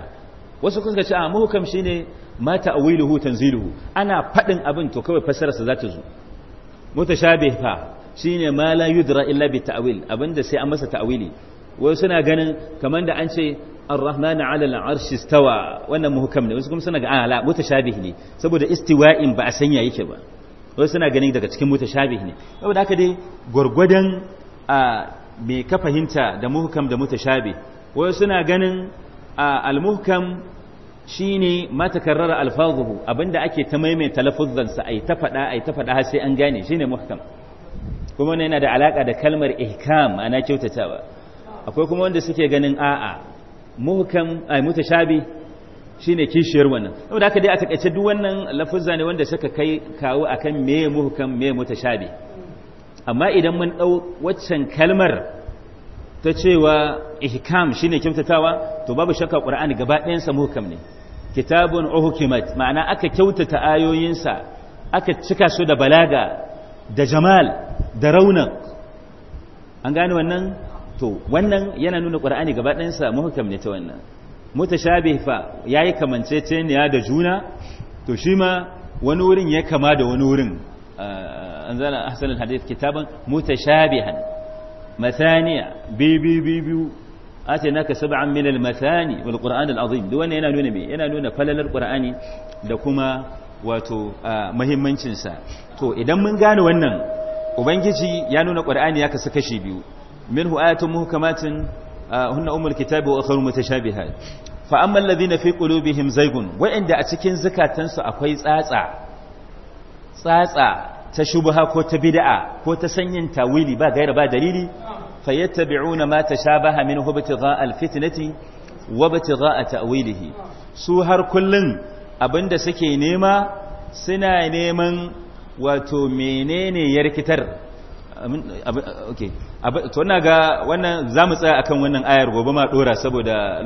wasu suka ce a muhkam shine ma ta'wiluhu tanziluhu ana fadin abin to kawai fassararsa za ta zo mutashabi fa shine ma la yudra illa bi ta'wil abinda sai an masa ta'wili wai suna ganin kamar da an ce الرحمن على العرش استوى arsh wannan muhkam ne wasu kuma suna ga ala ah, mutashabih ne saboda istiwa'in ba a sanya yake ba wasu suna ganin daga cikin mutashabih ne saboda haka dai gurgurdan a me ka fahimta da muhkam da mutashabih wasu suna ganin al-muhkam shine ma takarrara alfazuhu abinda ake ta maimaita talaffuzan sa ai ta fada ai ta fada har sai an gane shine muhkam kuma wannan yana da alaka da kalmar ihkam ana kyautatawa akwai kuma wanda suke ganin a'a muhkam ay mutashabi shine kishiyar wannan saboda haka dai a takaice duk wannan lafuzza ne wanda suka kai kawo akan me muhkam me mutashabi amma idan mun dau waccan kalmar ta cewa ihkam shine kyautatawa to babu shakka qur'ani gaba ɗayan sa muhkam ne kitabun uhkimat ma'ana aka kyautata ayoyinsa aka cika su da balaga da jamal da raunan an gane wannan to wannan yana nuna qur'ani gaba ɗayansa muhkam ne ta wannan mutashabih fa yayi kamanceceniya da juna to shi ma wani wurin ya kama da wani wurin an zana ahsanul hadith kitaban mutashabihan mathaniya bi bi bi bi atainaka sab'an min al-mathani wal qur'an al-azim duk wannan yana nuna me yana nuna falalar qur'ani da kuma wato muhimmancin to idan mun gane wannan ubangiji ya nuna qur'ani ya kasu kashi biyu منه آيات مهكمات هن أم الكتاب وأخر متشابهات فأما الذين في قلوبهم زيغ وإن أتكين زكاة تنسى أكوي tsatsa tsatsa ta shubha ko ta bid'a ko ta sanyin tawili ba gaira ba dalili fayattabi'una ma ta minhu ibtigha' alfitnati wa a ta'wilihi su har kullun abinda suke nema suna neman wato menene yarkitar okay to ga wannan za mu tsaya akan wannan ayar gobe ma dora saboda